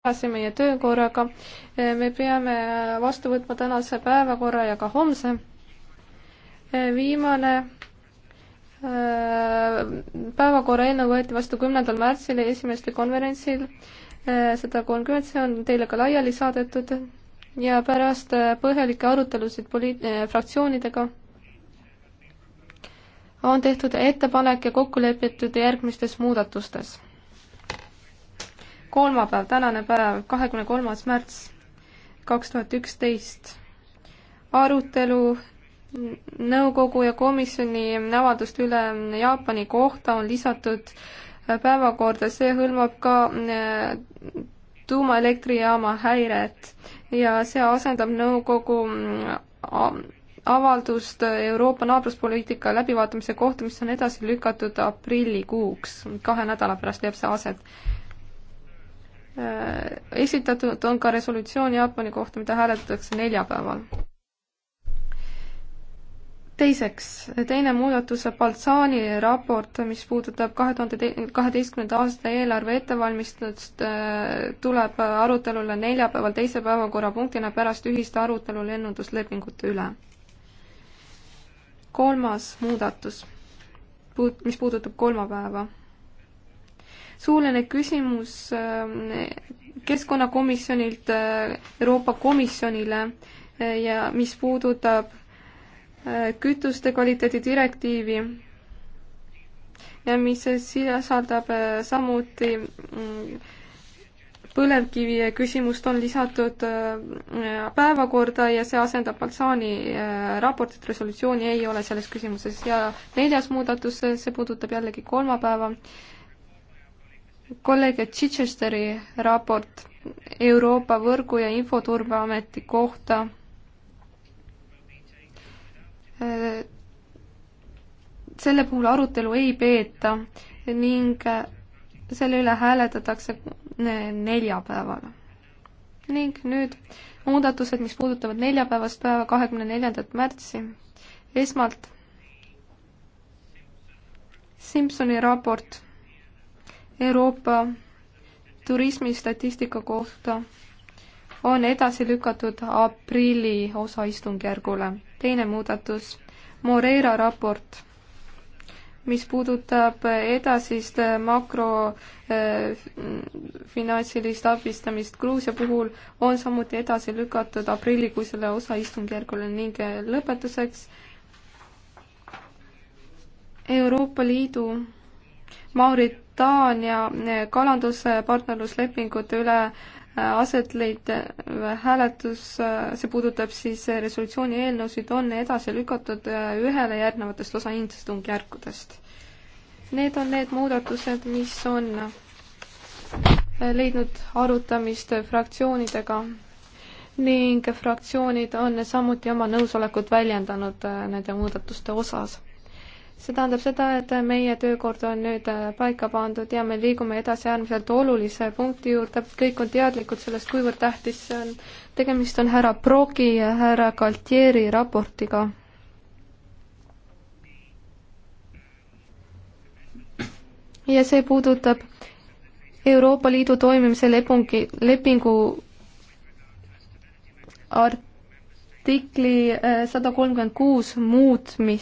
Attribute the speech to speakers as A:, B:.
A: edasi meie töökorraga. me peame vastu võtma tänase päevakorra ja ka homse. viimane äh, päevakorra eelnõu võeti vastu kümnendal märtsil esimesel konverentsil äh, sada kolmkümmend, see on teile ka laiali saadetud ja pärast äh, põhjalikke arutelusid poliit-, fraktsioonidega on tehtud ettepanek ja kokku lepitud järgmistes muudatustes kolmapäev, tänane päev, kahekümne kolmas märts kaks tuhat üksteist. arutelu nõukogu ja komisjoni avaldust üle Jaapani kohta on lisatud päevakorda, see hõlmab ka äh, tuumaelektrijaama häiret ja see asendab nõukogu äh, avaldust Euroopa naabruspoliitika läbivaatamise kohta, mis on edasi lükatud aprillikuuks, kahe nädala pärast leiab see aset. Äh, esitatud on ka resolutsioon Jaapani kohta, mida hääletatakse neljapäeval. teiseks, teine muudatus, Baltsani raport, mis puudutab kahe tuhande kaheteistkümnenda aasta eelarve ettevalmistust, äh, tuleb arutelule neljapäeval teise päevakorrapunktina pärast ühist arutelu lennunduslepingute üle. kolmas muudatus, mis puudutab kolmapäeva suuline küsimus ähm, keskkonnakomisjonilt äh, Euroopa Komisjonile äh, ja mis puudutab äh, kütuste kvaliteedi direktiivi ja mis sisaldab samuti mm, põlevkivi küsimust on lisatud päevakorda ja see asendab Baltsaani raportit, resolutsiooni ei ole selles küsimuses ja neljas muudatus, see puudutab jällegi kolmapäeva kolleeg Chichesteri raport Euroopa Võrgu- ja Infoturbeameti kohta selle puhul arutelu ei peeta ning selle üle hääletatakse neljapäeval. ning nüüd muudatused, mis puudutavad neljapäevast päeva, kahekümne neljandat märtsi. esmalt Simsoni raport Euroopa turismistatistika kohta on edasi lükatud aprilli osa istungjärgule. teine muudatus, Moreira raport, mis puudutab edasist makrofinantsilist eh, äh, abistamist Gruusia puhul, on samuti edasi lükatud aprillikuisele osa istungjärgule ning lõpetuseks Euroopa Liidu Mauritaania kalanduspartnerluslepingute üle äh, aset leidev äh, hääletus, äh, see puudutab siis resolutsiooni eelnõusid, on edasi lükatud ühele järgnevatest osa hindestungjärkudest. Need on need muudatused, mis on leidnud arutamist fraktsioonidega ning fraktsioonid on samuti oma nõusolekut väljendanud nende muudatuste osas see tähendab seda, et meie töökord on nüüd äh, paika pandud ja me liigume edasi äärmiselt olulise punkti juurde, kõik on teadlikud sellest, kuivõrd tähtis see on. tegemist on härra Progi ja härra Galtieri raportiga. ja see puudutab Euroopa Liidu toimimise lepingi, lepingu artikli äh, sada kolmkümmend kuus muutmist